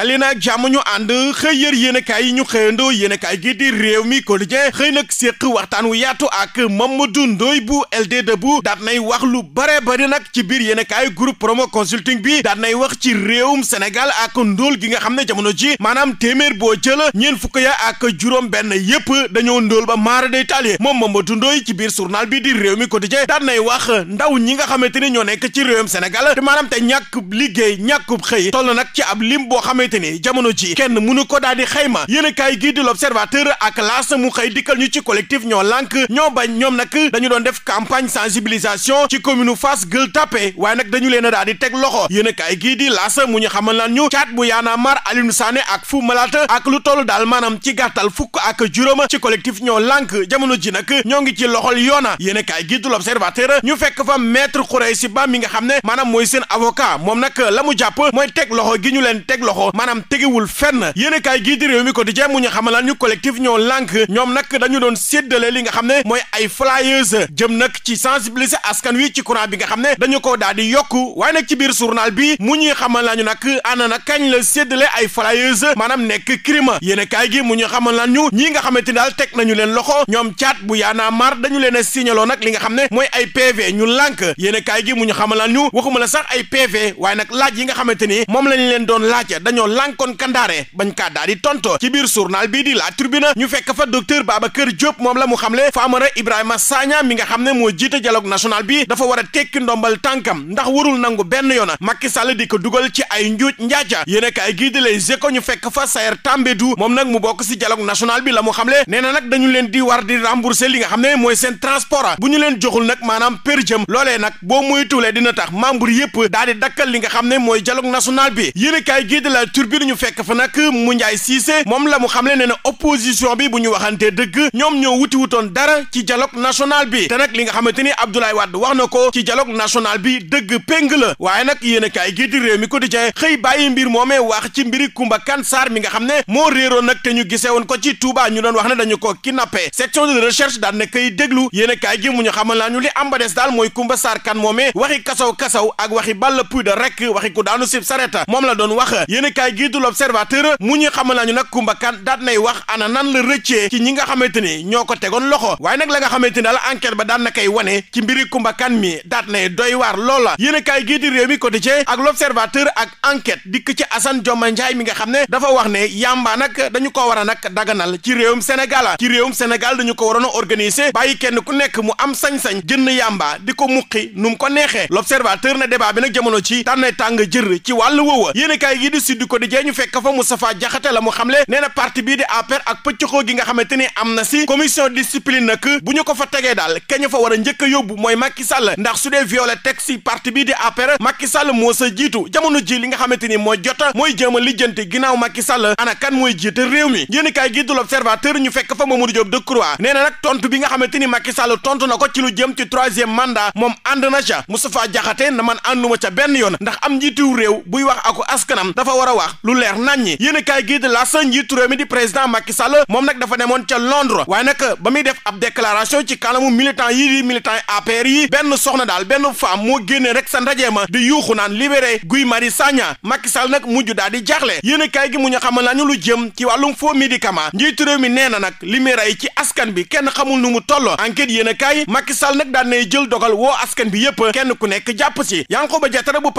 dali nag jàmm ñu ànd xëy yër yéenekaay yi ñu xëyandoo yéenekaay gi di réew mi ko quotidien xëy nag séq waxtaan wu yaatu ak Mamadou Ndoye bu LD Debout daat nay wax lu bare bari nag ci biir yéenekaay groupe promo consulting bi daat nay wax ci réewum Sénégal ak ndóol gi nga xam ne jamono ji maanaam téeméer boo jël ñeen fukk ya ak juróom benn yëpp dañoo ndóol ba maara day taali moom Mamadou Ndoye ci biir journal bi di réew mi quotidien daat nay wax ndaw ñi nga xamante ni ñoo nekk ci réewum Sénégal te maanaam te ñàkk liggéey ñàkkub xëy toll nag ci ab lim boo xamante xamante ni jamono ji kenn mënu ko daal di xayma yéen kaay gii di l'observateur ak laas mu xëy dikkal ñu ci collectif ñoo lànk ñoo ba ñoom nag dañu doon def campagne sensibilisation ci commune fas Gueule Tapée waaye nag dañu leen a di teg loxo yéen kaay gii di laas mu ñu xamal lan ñu caat bu yaanaa mar Alioune Sané ak Fou Malade ak lu toll daal maanaam ci gàttal fukk ak juróom ci collectif ñoo lànk jamono ji nag ñoo ngi ci loxol yoona yéen kaay gii di l'observateur ñu fekk fa maître Khoureychi Ba mi nga xam ne maanaam mooy seen avocat moom nag la mu jàpp mooy gi ñu leen teg maanaam tegewul fenn yéenekaay gii di réew mi ko quotidien mu ñu xamalaan ñu collectif ñoo lànk ñoom nag dañu doon séddale li nga xam ne mooy ay flyers jëm nag ci sensibiliser askan wi ci courant bi nga xam ne dañu ko daal di yokku waaye nag biir surnal bi mu ñuy xamal laa ñu nag ana na kañ la séddale ay flyers maanaam nekk crime yéenekaay gi mu ñu xamal laan ñu ñii nga xamante ni daal teg nañu leen loxo ñoom caat bu yaanaa mar dañu leen a nag li nga xam ne mooy ay ñu lànk yéenekaay gi mu ñu xamalaan ñu waxuma la sax ay PV waaye nag laaj yi nga xamante ni moom lañ leen doon laaj dañu dañoo lànkoon kandaare bañ kaa daal tonto ci biir journal bii di la tribune ñu fekk fa docteur Babacar Diop moom la mu xamle Famara Ibrahima Sagna mi nga xam ne moo jiita dialogue national bi dafa war a tekki ndombal tànkam ndax warul nangu benn yoon Macky Sall di ko dugal ci ay njuuj njaaja yéen kaay gii di Les ñu fekk fa Sayer Tambédou moom nag mu bokk si dialogue national bi la mu xamle nee na nag dañu leen di war di rembourser li nga xam ne mooy seen transport bu ñu leen joxul nag maanaam pér jëm loolee nag boo moytuwulee dina tax membre yëpp daal di dakkal li nga xam ne mooy dialogue national bi yéen kaay la turbine ñu fekk fa nag mu njaay siise moom la mu xamle ne ne opposition bi bu ñu waxantee dëgg ñoom ñoo wuti wutoon dara ci dialogue national bi te nag li nga xamante ni Abdoulaye Wade wax na ko ci dialogue national bi dëgg péng la waaye nag yéen a kaay gii di réew mi xëy bàyyi mbir moomee wax ci mbiri Kumba Kansar mi nga xam ne moo réeroon nag te ñu gisee woon ko ci Touba ñu doon wax ne dañu ko kidnappé section de recherche daan na koy déglu yéen a kaay gi mu ñu xamal naa ñu li daal mooy Kumba Sarr kan moomee waxi kasaw kasaw ak waxi ball puy da rek waxi ku daanu sib sareta moom la doon wax yéen yéenekaay gii du l'Observateur mu ñu xamal nañu nag Kumba Kan daat nay wax ana nan la rëccee ci ñi nga xamante ni ñoo ko tegoon loxo waaye nag la nga xamante ni daal enquête ba daan na koy wane ci mbiri Kumba Kan mi daat nay doy waar loola yéenekaay gii di réew mi Quotidien ak l'Observateur ak enquête dikk ci Assane Dioma Ndiaye mi nga xam ne dafa wax ne yàmba nag dañu ko war a nag daganal ci réewum Sénégal ci réewum Sénégal dañu ko waroon na organiser bàyyi kenn ku nekk mu am sañ-sañ jënd yàmba di ko muqi nu mu ko neexee l'Observateur ne débat bi nag jamono ci daan nay ci wàllu woowa yéenekaay gii di Sud Quotidien ñu fekk fa Moustapha Diakhaté la mu xamle nee na parti bii di APR ak pëccëxoo gi nga xamante ni am na si commission discipline nag bu ñu ko fa tegee daal keñu fa war a njëkk yóbbu mooy Macky Sall ndax su dee violé teg si parti bii di APR Macky Sall moo sa jiitu jamono ji li nga xamante ni moo jota mooy jéem a lijjanti ginnaaw Macky Sall ana kan mooy jiite réew mi yéen kaay gi du ñu fekk fa Mamadou Diop Decroix nee na nag tontu bi nga xamante ni Macky Sall tontu na ko ci lu jëm ci troisième mandat moom ànd na ca Moustapha Diakhaté na man ànduma ca benn yoon ndax am njiitu réew buy wax ako askanam dafa war a wax lu leer naññi yéenekaay gi di L'As njiitu réew di président Macky moom nag dafa demoon ca Londres waaye nag ba muy def ab déclaration ci kanamu militant yi di militant yi APR yi benn soxna daal benn femme moo génnee rek sa ndaje ma di yuuxu naan libéré Guy Marius Sagna Macky nag mujj daal di jaaxle yéenekaay gi mu ñu xamal nañu lu jëm ci wàllum faux médicament njiitu réew mi nee na nag li muy rey ci askan bi kenn xamul nu mu toll nag daan nay askan bi yëpp kenn ku nekk jàpp si Yankhoba Diattara bu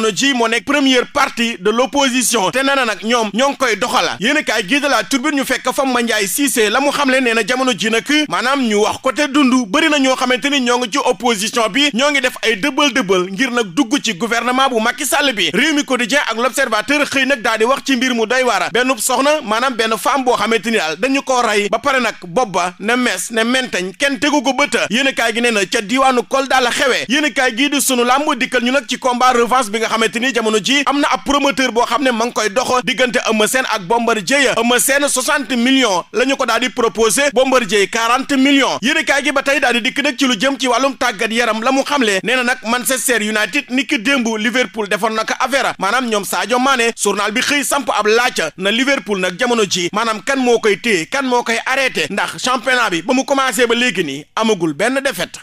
nag nee nekk première partie de l'opposition te nee na nag ñoom ñoo ngi koy doxala yéen a kaay gii de la turbine ñu fekk fa Mandiaye Cissé la mu xamle nee na jamono ji nag maanaam ñu wax côté dund bëri na ñoo xamante ni ñoo nga ci opposition bi ñoo ngi def ay dëbal dëbal ngir nag dugg ci gouvernement bu Macky Sall bi réew mi quotidien ak l'observateur xëy nag daal di wax ci mbir mu doy waara benn soxna maanaam benn femme boo xamante ni daal dañu ko rey ba pare nag bopp ba ne mes ne mentañ kenn tegu ko bëta yéen a kaay gi nee na ca diwaanu Kolda la xewee yéen a kaay gii di sunu làmb dikkal ñu ci combat revanche bi nga xamante ni jamono ji am na ab promoteur boo xam ne ma ngi koy dox diggante Eumeu Sène ak Bombardier Eumeu Sène 60 millions la ñu ko daal di proposé Bombardier 40 millions yéenekaay gi ba tey daal di dikk nag ci lu jëm ci wàllum tàggat yaram la mu xamle nee na nag Manchester United ni ki démb Liverpool defoon na ko maanaam ñoom Sadio Mané journal bi xëy samp ab laaj na Liverpool nag jamono ji maanaam kan moo koy téye kan moo koy arrêté ndax championnat bi ba mu commencé ba léegi nii amagul benn défaite